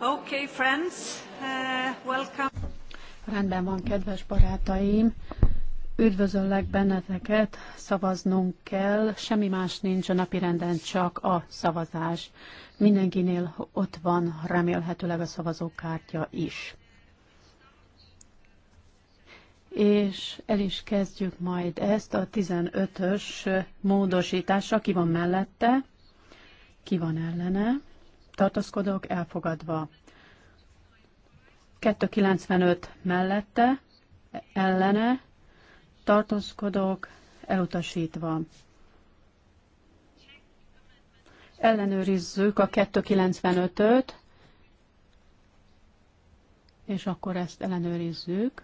Okay, friends, uh, welcome. Rendben van, kedves barátaim. Üdvözöllek benneteket, szavaznunk kell, semmi más nincs a napi renden, csak a szavazás. Mindenkinél ott van remélhetőleg a szavazókártya is. És el is kezdjük majd ezt a 15-ös módosításra, ki van mellette, ki van ellene tartózkodók elfogadva. 295 mellette, ellene, tartózkodók elutasítva. Ellenőrizzük a 295-öt, és akkor ezt ellenőrizzük.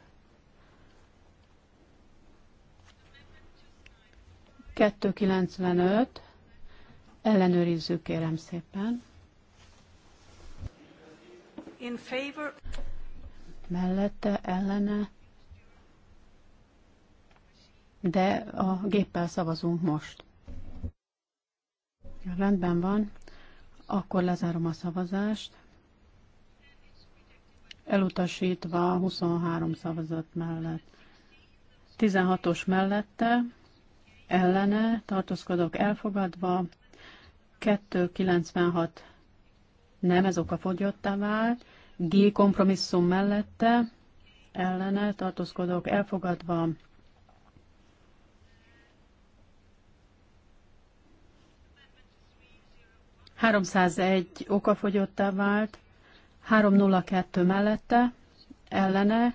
295, ellenőrizzük kérem szépen in favor. Mellette, ellene. De a géppel szavazunk most. Rendben van. Akkor lezárom a szavazást. Elutasítva 23 szavazat mellett. 16-os mellette, ellene, tartózkodok elfogadva, 296 nem, ez oka fogyottá vált, G kompromisszum mellette ellene tartózkodok elfogadva. egy okafogyottá vált, 302 mellette ellene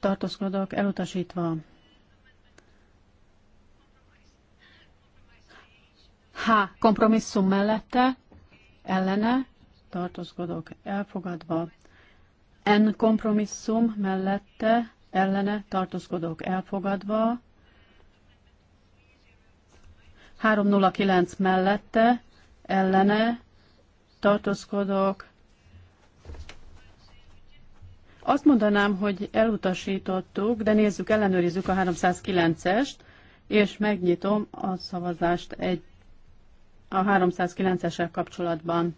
tartózkodok elutasítva. H. Kompromisszum mellette, ellene, tartózkodók elfogadva, N kompromisszum mellette ellene tartózkodók elfogadva, 309 mellette ellene tartózkodók. Azt mondanám, hogy elutasítottuk, de nézzük, ellenőrizzük a 309-est, és megnyitom a szavazást egy a 309-esel kapcsolatban.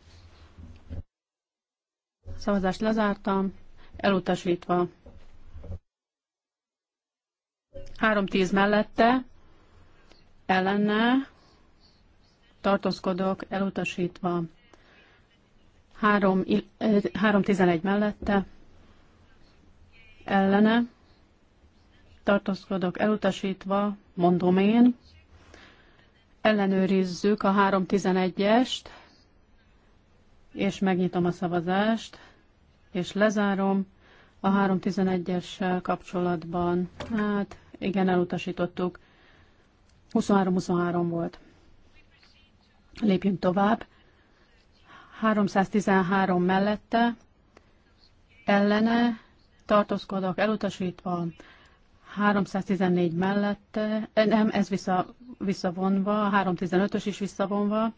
Szavazást lezártam, elutasítva. 3-10 mellette, ellene, tartózkodok, elutasítva. 3, 11 eh, mellette, ellene, tartózkodok, elutasítva, mondom én. Ellenőrizzük a 3 11 est és megnyitom a szavazást, és lezárom a 311-essel kapcsolatban. Hát igen, elutasítottuk. 23-23 volt. Lépjünk tovább. 313 mellette, ellene, tartózkodok, elutasítva, 314 mellette, eh, nem, ez vissza, visszavonva, 315-ös is visszavonva,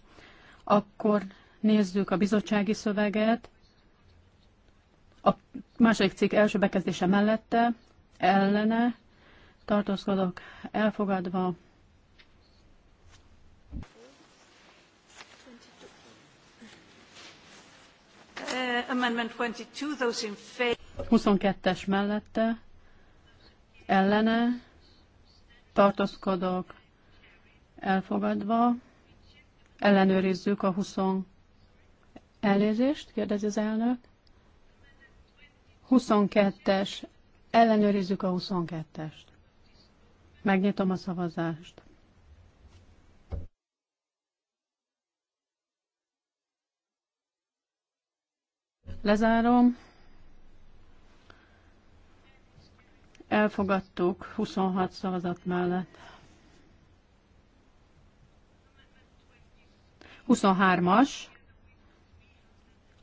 akkor nézzük a bizottsági szöveget, a második cikk első bekezdése mellette, ellene, tartózkodok elfogadva. Uh, amendment 22, 22-es mellette, ellene, tartózkodok elfogadva, ellenőrizzük a 22 Elnézést, kérdezi az elnök. 22-es. Ellenőrizzük a 22-est. Megnyitom a szavazást. Lezárom. Elfogadtuk 26 szavazat mellett. 23-as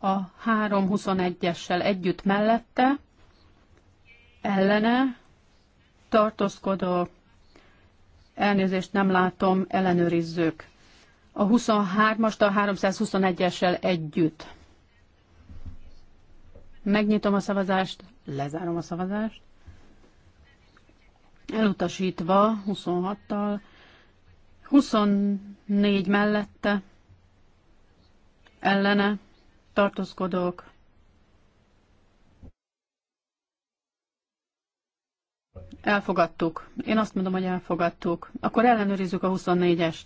a 321-essel együtt mellette, ellene, tartózkodó, elnézést nem látom, ellenőrizzük. A 23-ast a 321-essel együtt. Megnyitom a szavazást, lezárom a szavazást. Elutasítva 26-tal, 24 mellette, ellene, tartózkodók, Elfogadtuk. Én azt mondom, hogy elfogadtuk. Akkor ellenőrizzük a 24-est.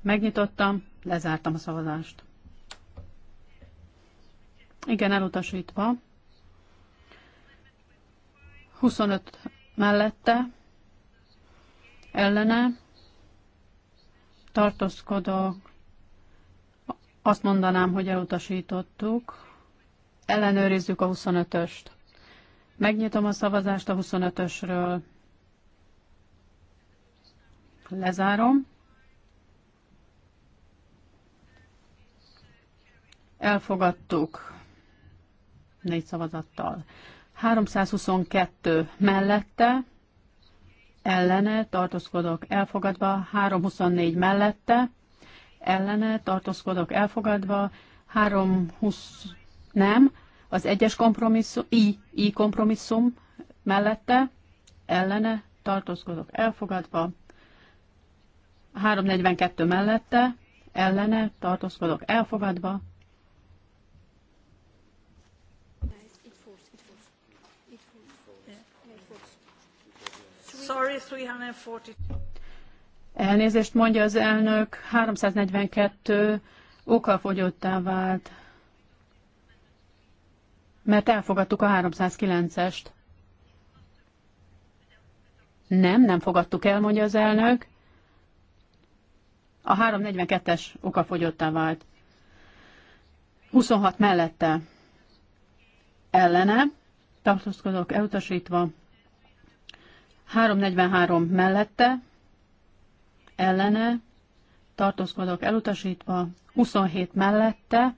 Megnyitottam, lezártam a szavazást. Igen, elutasítva. 25 mellette, ellene, tartózkodók, azt mondanám, hogy elutasítottuk. Ellenőrizzük a 25-öst. Megnyitom a szavazást a 25-ösről. Lezárom. Elfogadtuk négy szavazattal. 322 mellette ellene tartózkodok elfogadva, 324 mellette, ellene tartózkodok elfogadva, 320 nem, az egyes kompromisszum, i, i kompromisszum mellette, ellene tartózkodok elfogadva, 342 mellette, ellene tartózkodok elfogadva, Elnézést mondja az elnök, 342 okafogyottá vált, mert elfogadtuk a 309-est. Nem, nem fogadtuk el, mondja az elnök. A 342-es okafogyottá vált. 26 mellette ellene, tartózkodok elutasítva, 343 mellette, ellene, tartózkodok elutasítva, 27 mellette,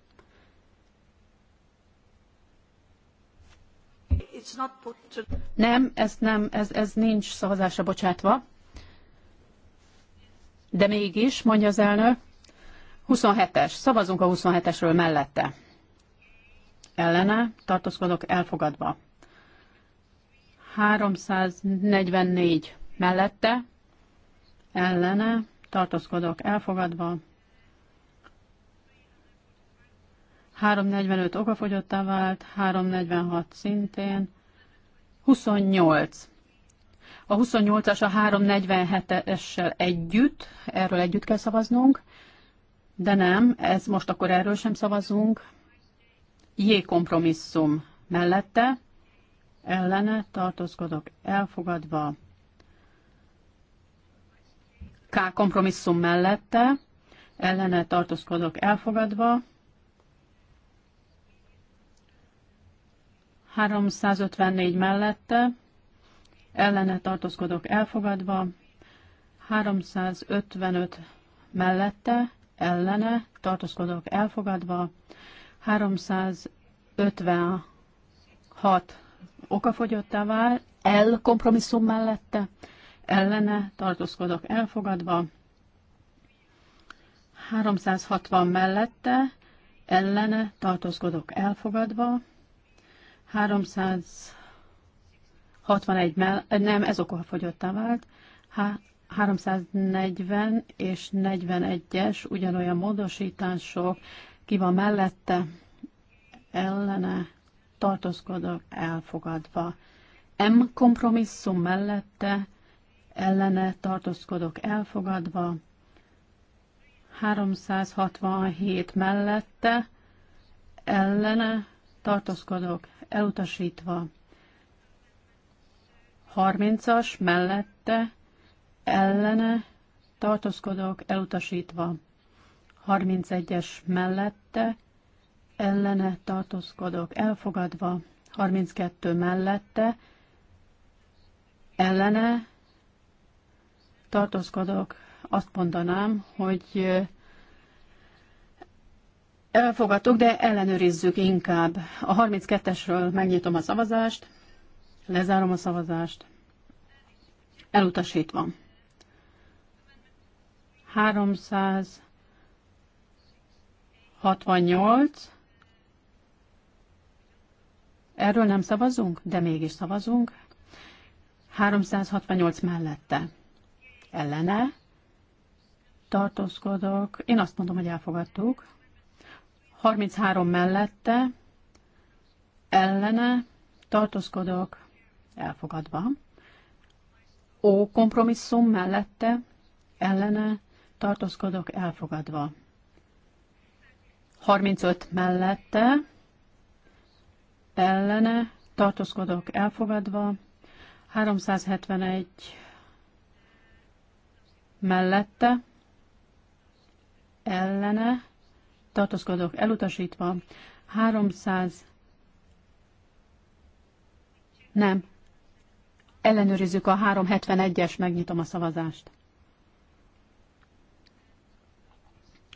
Nem, ez nem, ez, ez nincs szavazásra bocsátva. De mégis, mondja az elnök, 27-es, szavazunk a 27-esről mellette. Ellene, tartózkodok elfogadva. 344 mellette, ellene, tartózkodok elfogadva, 345 okafogyottá vált, 346 szintén, 28. A 28-as a 347-essel együtt, erről együtt kell szavaznunk, de nem, ez most akkor erről sem szavazunk. J kompromisszum mellette, ellene tartózkodok elfogadva. K kompromisszum mellette ellene tartózkodok elfogadva. 354 mellette ellene tartózkodok elfogadva. 355 mellette ellene tartózkodok elfogadva. 356 okafogyottá vál, el kompromisszum mellette, ellene tartózkodok elfogadva, 360 mellette, ellene tartózkodok elfogadva, 361 mell eh, nem, ez okafogyottá vált, Há 340 és 41-es ugyanolyan módosítások, ki van mellette, ellene tartózkodok elfogadva. M kompromisszum mellette ellene tartózkodok elfogadva. 367 mellette ellene tartózkodok elutasítva. 30-as mellette ellene tartózkodok elutasítva. 31-es mellette ellene tartózkodok elfogadva, 32 mellette ellene tartózkodok, azt mondanám, hogy elfogadtuk, de ellenőrizzük inkább. A 32-esről megnyitom a szavazást, lezárom a szavazást, elutasítva. 368 Erről nem szavazunk, de mégis szavazunk. 368 mellette. Ellene. Tartózkodok. Én azt mondom, hogy elfogadtuk. 33 mellette. Ellene. Tartózkodok. Elfogadva. Ó kompromisszum mellette. Ellene. Tartózkodok. Elfogadva. 35 mellette ellene, tartózkodok elfogadva, 371 mellette, ellene, tartózkodok elutasítva, 300 nem, ellenőrizzük a 371-es, megnyitom a szavazást.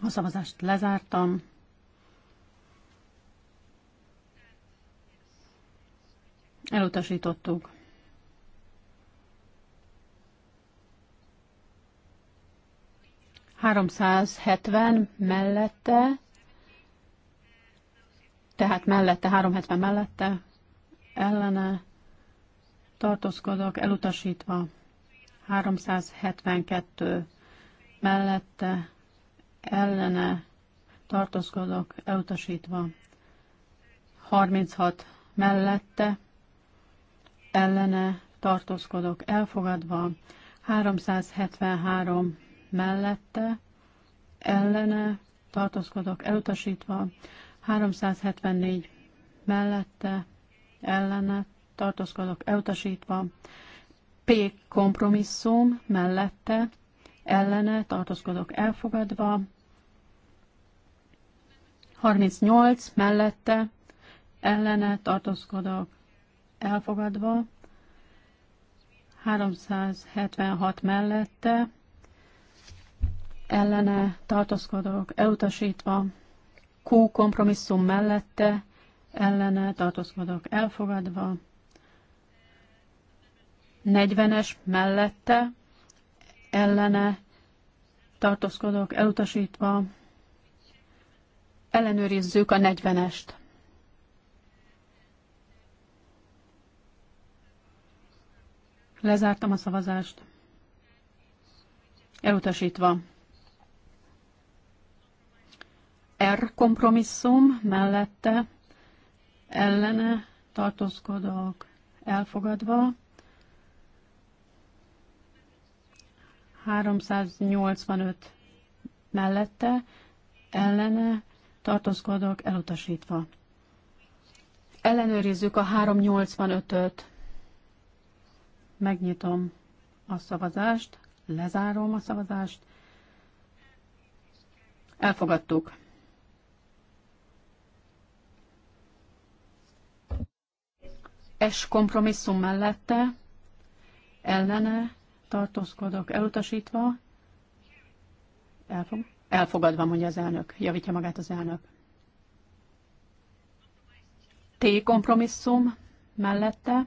A szavazást lezártam. Elutasítottuk. Háromszázhetven mellette, tehát mellette, hetven mellette, ellene tartózkodok, elutasítva. kettő mellette, ellene tartózkodok, elutasítva. Harminchat mellette, ellene tartózkodok elfogadva, 373 mellette ellene tartózkodok elutasítva, 374 mellette ellene tartózkodok elutasítva, P kompromisszum mellette ellene tartózkodok elfogadva, 38 mellette ellene tartózkodok elfogadva, 376 mellette, ellene tartózkodók elutasítva, Q kompromisszum mellette, ellene tartózkodók elfogadva, 40-es mellette, ellene tartózkodók elutasítva, ellenőrizzük a 40-est. Lezártam a szavazást. Elutasítva. R kompromisszum mellette ellene tartózkodok elfogadva. 385 mellette ellene tartózkodok elutasítva. Ellenőrizzük a 385-öt. Megnyitom a szavazást, lezárom a szavazást. Elfogadtuk. es kompromisszum mellette, ellene tartózkodok elutasítva, elfog, elfogadva, mondja az elnök, javítja magát az elnök. T kompromisszum mellette,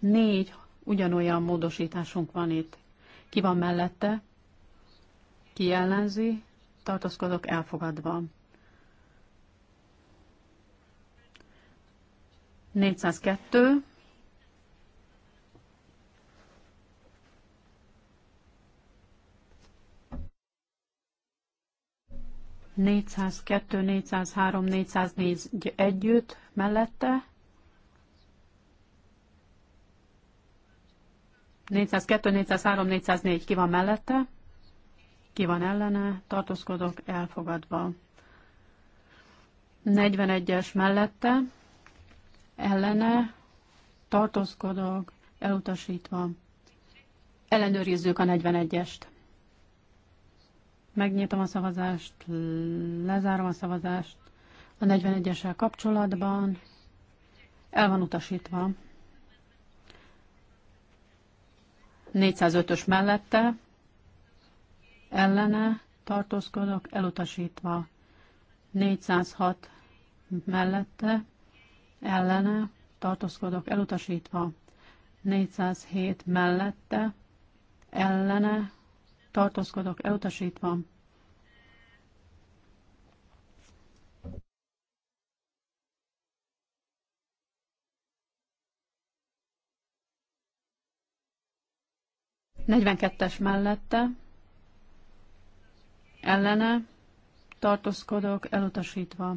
Négy ugyanolyan módosításunk van itt. Ki van mellette? Ki ellenzi? Tartozkodok elfogadva. 402. négyszázkettő, négyszázhárom, négyszáznégy együtt mellette 402, 403, 404 ki van mellette, ki van ellene, tartózkodok elfogadva. 41-es mellette, ellene, tartózkodok elutasítva. Ellenőrizzük a 41-est. Megnyitom a szavazást, lezárom a szavazást. A 41-essel kapcsolatban el van utasítva. 405-ös mellette ellene tartózkodok, elutasítva. 406 mellette ellene tartózkodok, elutasítva. 407 mellette ellene tartózkodok, elutasítva. 42-es mellette ellene tartózkodok elutasítva.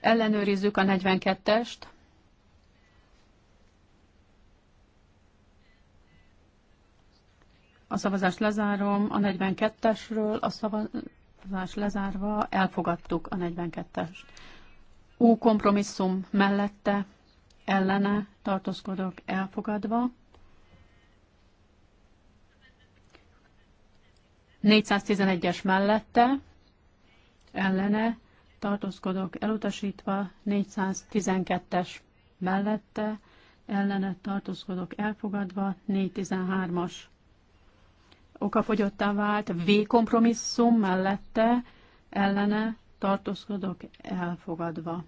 Ellenőrizzük a 42-est. A szavazást lezárom a 42-esről, a szavazást lezárva elfogadtuk a 42-est. Ú kompromisszum mellette, ellene tartózkodok elfogadva. 411-es mellette, ellene, tartózkodok elutasítva, 412-es mellette, ellene tartózkodok elfogadva, 413-as. Okafogyottá vált, V kompromisszum mellette, ellene tartózkodok elfogadva.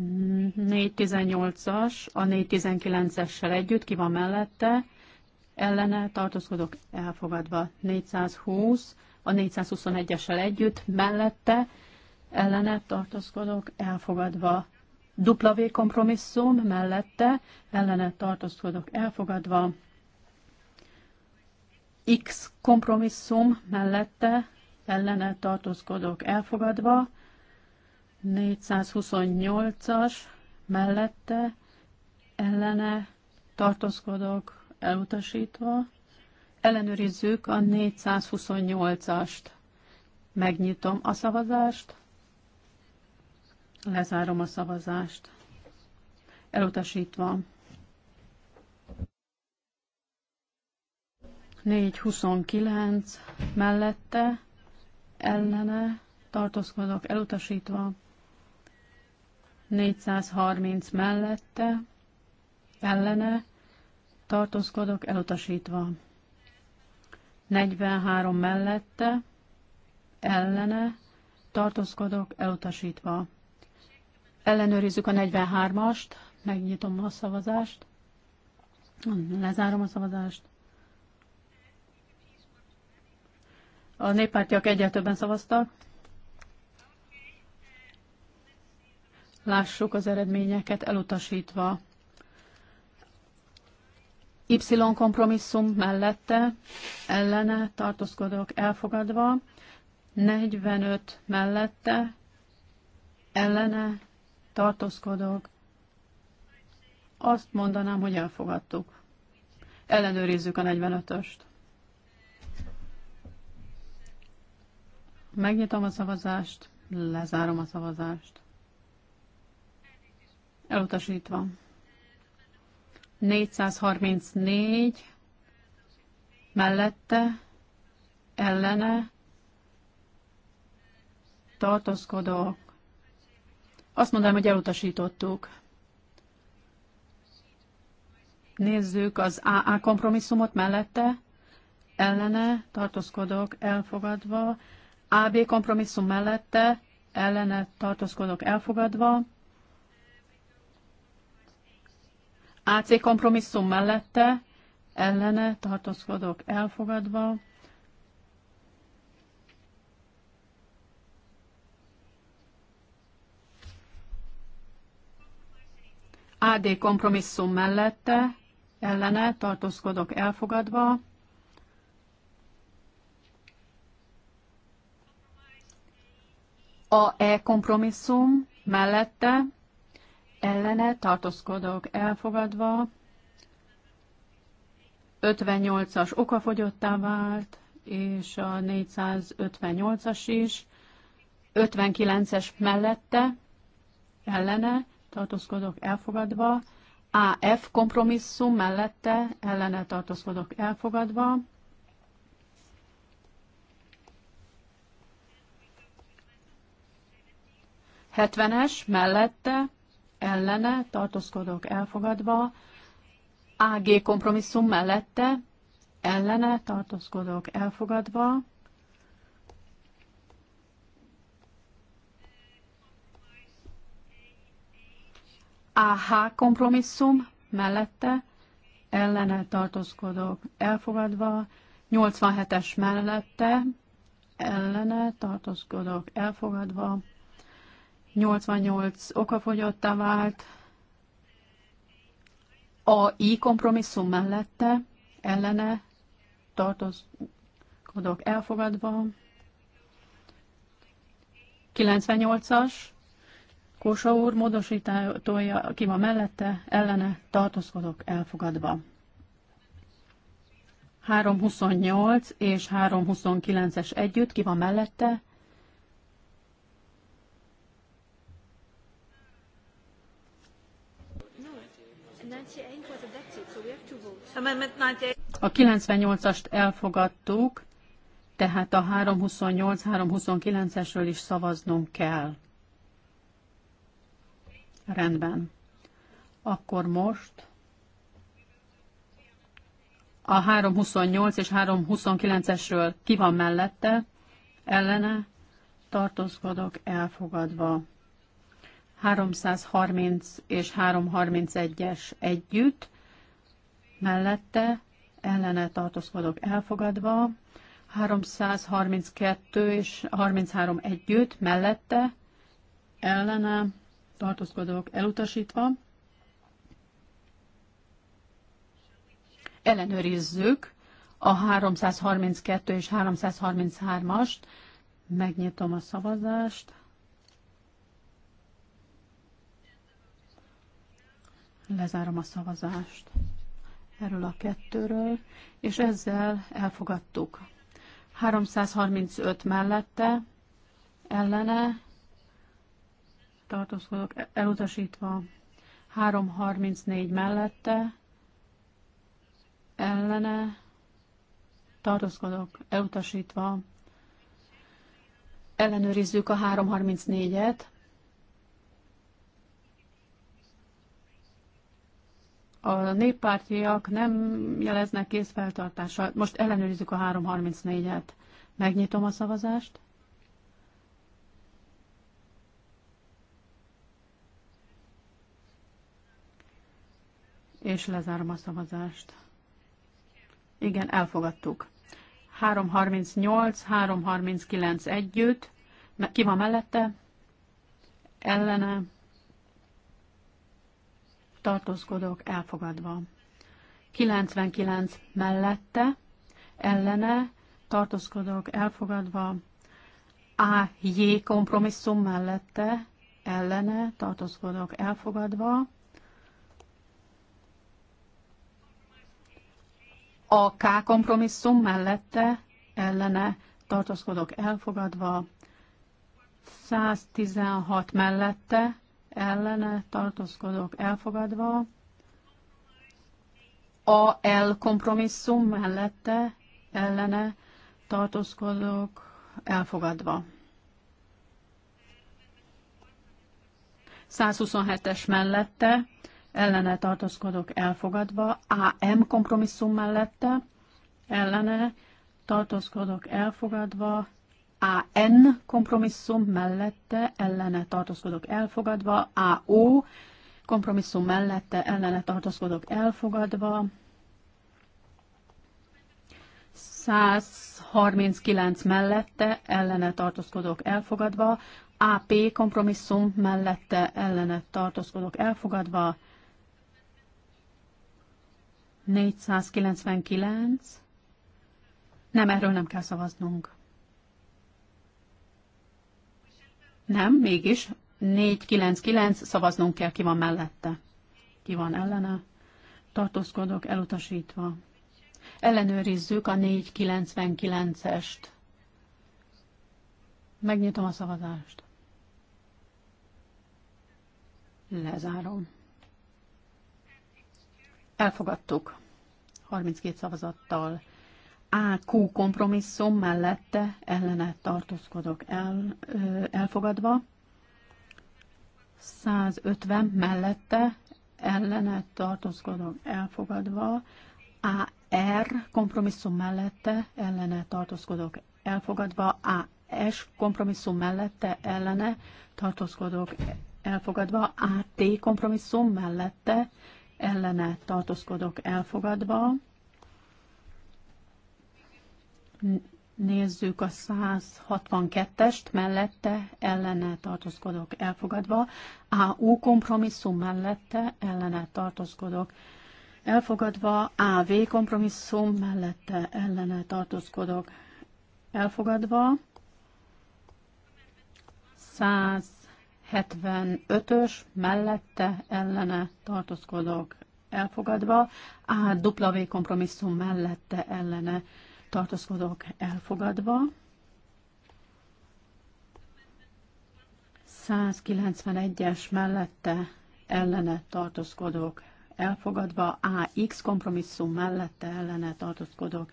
418-as, a 419-essel együtt, ki van mellette, ellene tartózkodok elfogadva 420, a 421-essel együtt, mellette ellene tartózkodok elfogadva V kompromisszum, mellette ellene tartózkodok elfogadva X kompromisszum, mellette ellene tartózkodok elfogadva 428-as, mellette ellene tartózkodok elutasítva. Ellenőrizzük a 428-ast. Megnyitom a szavazást, lezárom a szavazást. Elutasítva. 429 mellette, ellene, tartózkodok, elutasítva. 430 mellette, ellene, tartózkodok, elutasítva. 43 mellette, ellene, tartózkodok, elutasítva. Ellenőrizzük a 43-ast, megnyitom a szavazást, lezárom a szavazást. A néppártiak egyre többen szavaztak. Lássuk az eredményeket elutasítva. Y kompromisszum mellette, ellene tartózkodok elfogadva, 45 mellette, ellene tartózkodok, azt mondanám, hogy elfogadtuk. Ellenőrizzük a 45-öst. Megnyitom a szavazást, lezárom a szavazást. Elutasítva. 434 mellette ellene tartózkodok. Azt mondanám, hogy elutasítottuk. Nézzük az AA kompromisszumot mellette. Ellene tartózkodok elfogadva. AB kompromisszum mellette ellene tartózkodok elfogadva. AC kompromisszum mellette ellene tartózkodok elfogadva. AD kompromisszum mellette ellene tartózkodok elfogadva. A E kompromisszum mellette ellene tartózkodok elfogadva, 58-as okafogyottá vált, és a 458-as is, 59-es mellette, ellene, tartózkodok elfogadva, AF kompromisszum mellette, ellene tartózkodok elfogadva, Hetvenes mellette, ellene, tartózkodok elfogadva, AG kompromisszum mellette, ellene, tartózkodok elfogadva, AH kompromisszum mellette, ellene tartózkodok elfogadva, 87-es mellette, ellene tartózkodok elfogadva, 88 okafogyottá vált, a I kompromisszum mellette, ellene tartozkodok elfogadva, 98-as, Kósa úr módosítója, aki van mellette, ellene tartozkodok elfogadva. 328 és 329-es együtt, ki van mellette, A 98-ast elfogadtuk, tehát a 328-329-esről is szavaznunk kell. Rendben. Akkor most a 328 és 329-esről ki van mellette, ellene tartózkodok elfogadva. 330 és 331-es együtt, mellette ellene tartózkodók elfogadva, 332 és 33 együtt mellette ellene tartózkodók elutasítva. Ellenőrizzük a 332 és 333-ast. Megnyitom a szavazást. Lezárom a szavazást erről a kettőről, és ezzel elfogadtuk. 335 mellette, ellene, tartózkodok elutasítva, 334 mellette, ellene, tartózkodok elutasítva, ellenőrizzük a 334-et, A néppártiak nem jeleznek készfeltartással. Most ellenőrizzük a 334-et. Megnyitom a szavazást. És lezárom a szavazást. Igen, elfogadtuk. 338, 339 együtt. Ki van mellette? Ellene tartózkodok elfogadva. 99 mellette, ellene, tartózkodok elfogadva. A J kompromisszum mellette, ellene, tartózkodok elfogadva. A K kompromisszum mellette, ellene, tartózkodok elfogadva. 116 mellette, ellene tartózkodok elfogadva, el kompromisszum mellette ellene tartózkodok elfogadva. 127-es mellette ellene tartózkodok elfogadva, AM kompromisszum mellette ellene tartózkodok elfogadva, AN kompromisszum mellette ellene tartózkodok elfogadva, AO kompromisszum mellette ellene tartózkodok elfogadva, 139 mellette ellene tartózkodok elfogadva, AP kompromisszum mellette ellene tartózkodok elfogadva, 499, nem, erről nem kell szavaznunk. Nem, mégis 499 szavaznunk kell, ki van mellette. Ki van ellene? Tartózkodok elutasítva. Ellenőrizzük a 499-est. Megnyitom a szavazást. Lezárom. Elfogadtuk. 32 szavazattal. AQ kompromisszum mellette ellene tartózkodok el, elfogadva, 150 mellette ellene tartózkodok elfogadva, AR kompromisszum mellette ellene tartózkodok elfogadva, AS kompromisszum mellette ellene tartózkodok elfogadva, AT kompromisszum mellette ellene tartózkodok elfogadva, Nézzük a 162-est, mellette ellene tartózkodok elfogadva, AU kompromisszum mellette ellene tartózkodok elfogadva, AV kompromisszum mellette ellene tartózkodok elfogadva, 175-ös mellette ellene tartózkodok elfogadva, AW kompromisszum mellette ellene tartózkodók elfogadva, 191-es mellette ellene tartózkodók elfogadva, AX kompromisszum mellette ellene tartózkodók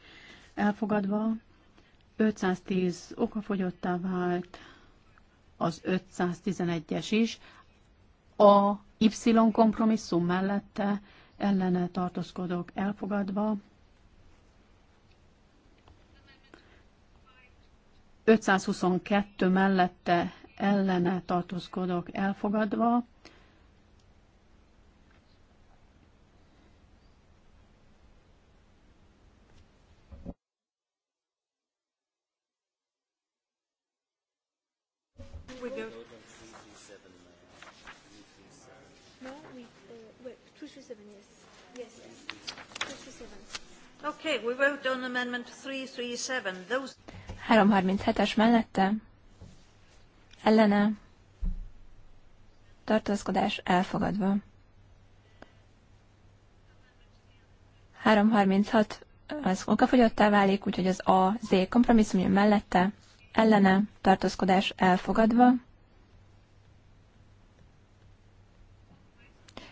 elfogadva, 510 okafogyottá vált, az 511-es is, a Y kompromisszum mellette ellene tartózkodók elfogadva, 522 mellette ellene tartózkodok elfogadva, Okay, we vote on amendment 337. Those 337-es mellette ellene tartózkodás elfogadva. 336 az okafogyottá válik, úgyhogy az A, Z kompromisszum jön mellette, ellene tartózkodás elfogadva.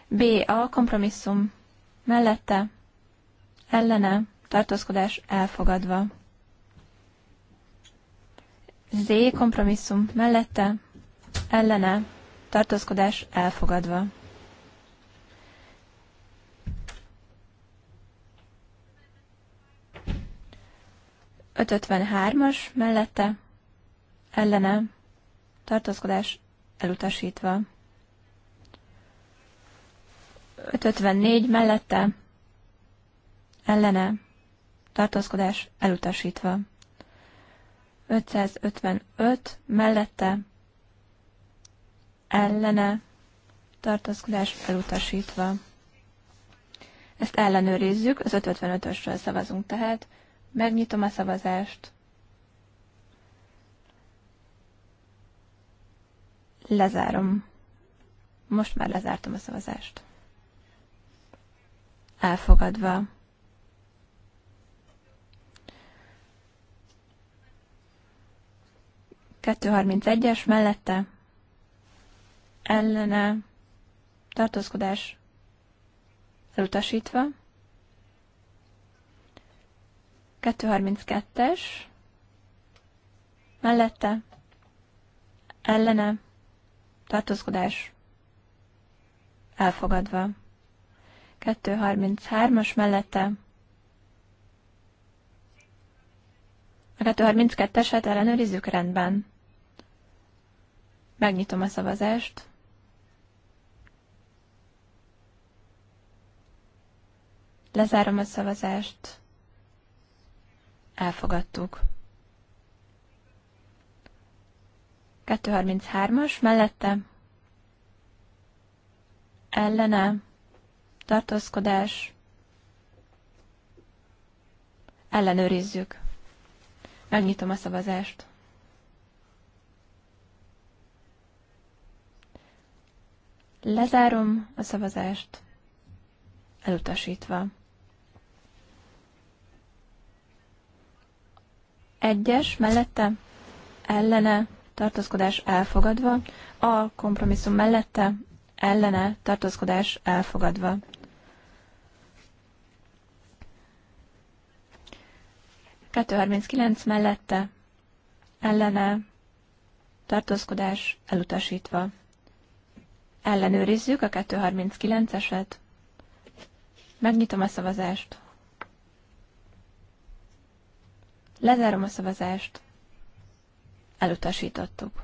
B, A kompromisszum mellette, ellene tartózkodás elfogadva. Z kompromisszum mellette, ellene, tartózkodás elfogadva. Ötötven hármas mellette, ellene, tartózkodás elutasítva. 554 mellette, ellene, tartózkodás elutasítva. 555 mellette ellene tartózkodás elutasítva. Ezt ellenőrizzük, az 555-ösről szavazunk tehát. Megnyitom a szavazást. Lezárom. Most már lezártam a szavazást. Elfogadva. 231-es mellette ellene tartózkodás elutasítva. 232-es mellette ellene tartózkodás elfogadva. 233-as mellette Meg 32-eset ellenőrizzük rendben. Megnyitom a szavazást. Lezárom a szavazást. Elfogadtuk. 233-as mellette. Ellene. Tartózkodás. Ellenőrizzük. Megnyitom a szavazást. Lezárom a szavazást, elutasítva. Egyes mellette, ellene, tartózkodás elfogadva, a kompromisszum mellette, ellene, tartózkodás elfogadva. 239 mellette, ellene, tartózkodás elutasítva. Ellenőrizzük a 239-eset. Megnyitom a szavazást. Lezárom a szavazást. Elutasítottuk.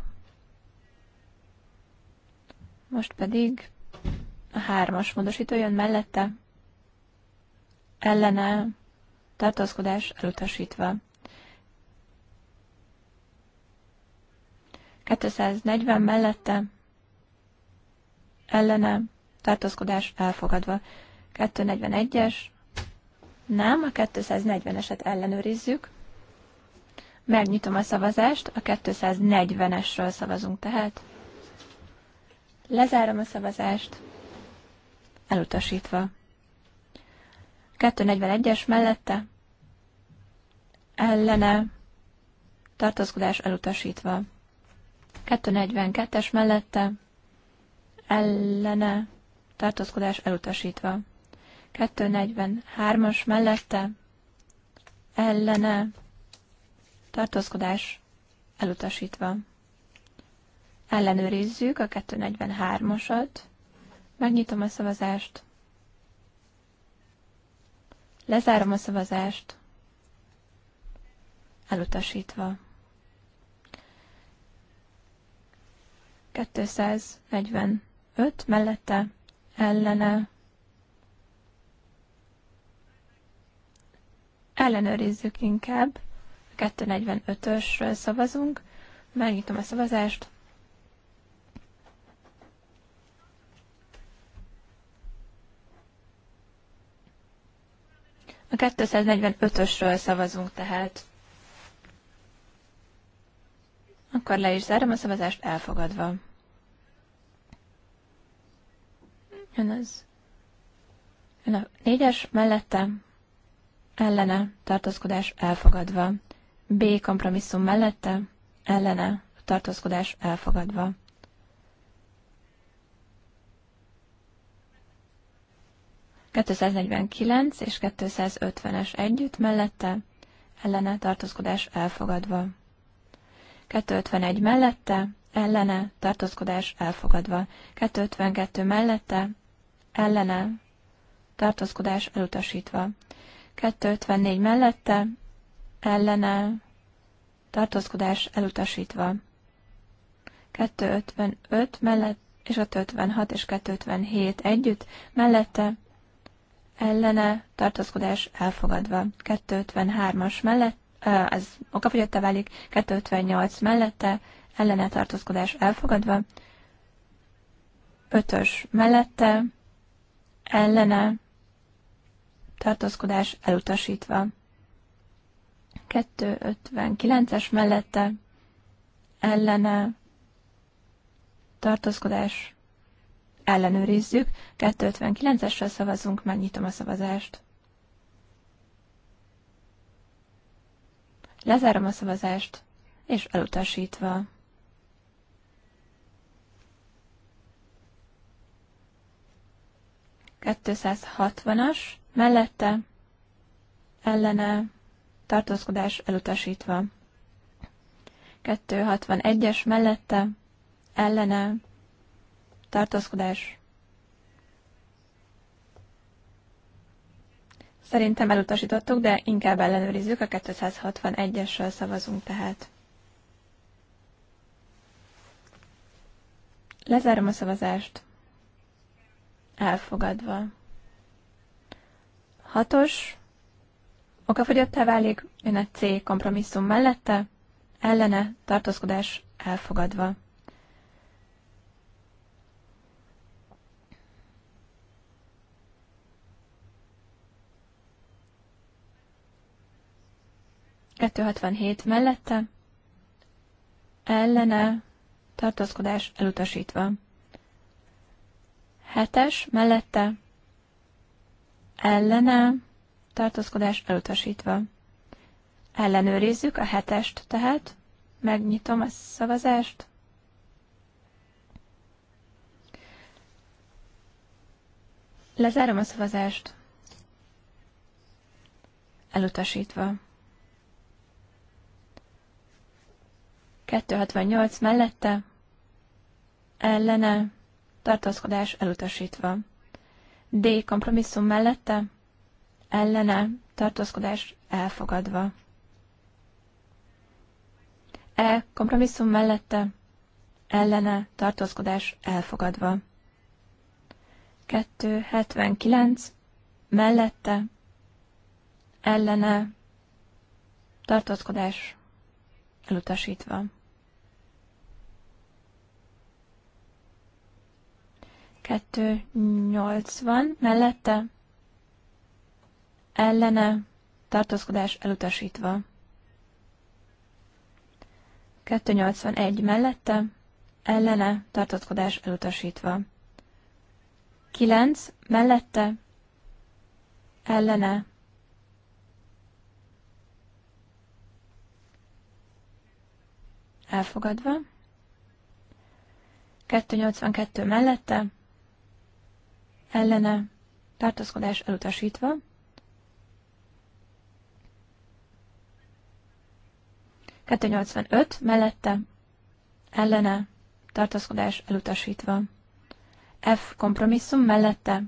Most pedig a hármas módosító jön mellette. Ellene tartózkodás elutasítva. 240 mellette, ellene, tartózkodás elfogadva. 241-es, nem, a 240-eset ellenőrizzük. Megnyitom a szavazást, a 240-esről szavazunk tehát. Lezárom a szavazást, elutasítva. 241-es mellette ellene tartózkodás elutasítva. 242-es mellette ellene tartózkodás elutasítva. 243-as mellette ellene tartózkodás elutasítva. Ellenőrizzük a 243-asat. Megnyitom a szavazást. Lezárom a szavazást. Elutasítva. 245 mellette, ellene. Ellenőrizzük inkább. 245-ösről szavazunk. Megnyitom a szavazást. A 245-ösről szavazunk tehát. Akkor le is zárom a szavazást elfogadva. Jön az. Jön a négyes mellette. Ellene tartózkodás elfogadva. B kompromisszum mellette. Ellene tartózkodás elfogadva. 249 és 250-es együtt, mellette ellene tartózkodás elfogadva. 251 mellette ellene tartózkodás elfogadva. 252 mellette ellene tartózkodás elutasítva. 254 mellette ellene tartózkodás elutasítva. 255 mellett és a 256 és 257 együtt, mellette ellene tartózkodás elfogadva. 253-as mellett, ez okafogyottá válik, 258 mellette ellene tartózkodás elfogadva, 5-ös mellette ellene tartózkodás elutasítva. 259-es mellette ellene tartózkodás ellenőrizzük. 259 esre szavazunk, megnyitom a szavazást. Lezárom a szavazást, és elutasítva. as mellette, ellene, tartózkodás elutasítva. 261-es mellette, ellene, tartózkodás. Szerintem elutasítottuk, de inkább ellenőrizzük, a 261-esről szavazunk tehát. Lezárom a szavazást. Elfogadva. Hatos. Okafogyottá válik, jön a C kompromisszum mellette, ellene tartózkodás elfogadva. 267 mellette, ellene, tartózkodás elutasítva. 7-es mellette, ellene, tartózkodás elutasítva. Ellenőrizzük a hetest tehát, megnyitom a szavazást. Lezárom a szavazást. Elutasítva. 268 mellette, ellene, tartózkodás elutasítva. D. Kompromisszum mellette, ellene, tartózkodás elfogadva. E. Kompromisszum mellette, ellene, tartózkodás elfogadva. 279 mellette, ellene, tartózkodás elutasítva. 280 mellette ellene tartózkodás elutasítva. 281 mellette ellene tartózkodás elutasítva. 9 mellette ellene elfogadva. 282 mellette ellene tartózkodás elutasítva. Kettő mellette ellene tartózkodás elutasítva. F kompromisszum mellette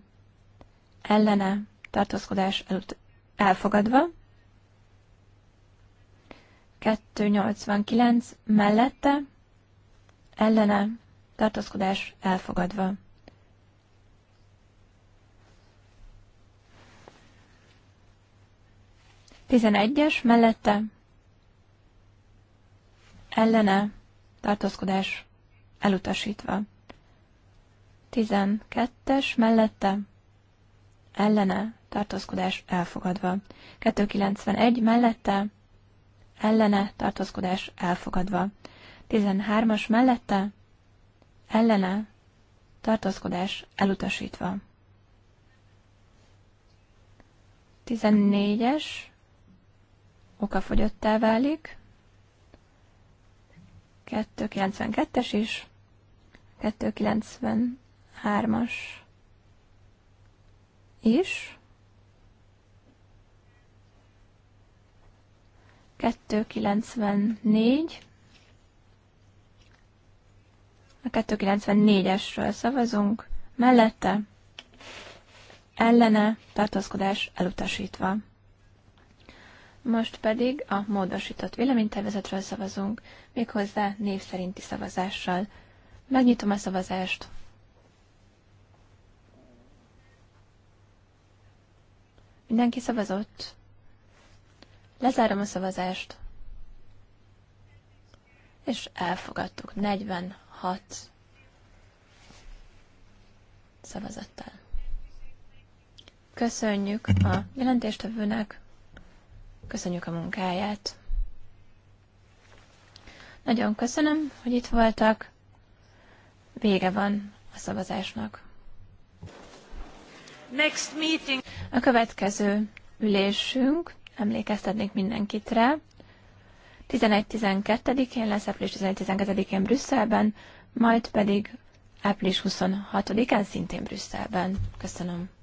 ellene tartózkodás elut- elfogadva. 289 mellette ellene tartózkodás elfogadva. 11-es mellette ellene tartózkodás elutasítva. 12-es mellette ellene tartózkodás elfogadva. 291 mellette ellene tartózkodás elfogadva. 13-as mellette ellene tartózkodás elutasítva. 14-es okafogyottá válik. 292-es is, 293-as is, 294, a 294-esről szavazunk, mellette ellene tartózkodás elutasítva. Most pedig a módosított véleménytervezetről szavazunk, méghozzá név szerinti szavazással. Megnyitom a szavazást. Mindenki szavazott? Lezárom a szavazást. És elfogadtuk 46 szavazattal. Köszönjük a jelentéstevőnek, Köszönjük a munkáját. Nagyon köszönöm, hogy itt voltak. Vége van a szavazásnak. Next meeting. A következő ülésünk, emlékeztetnék mindenkit rá, 11-12-én lesz, április 11-12-én Brüsszelben, majd pedig április 26-án szintén Brüsszelben. Köszönöm.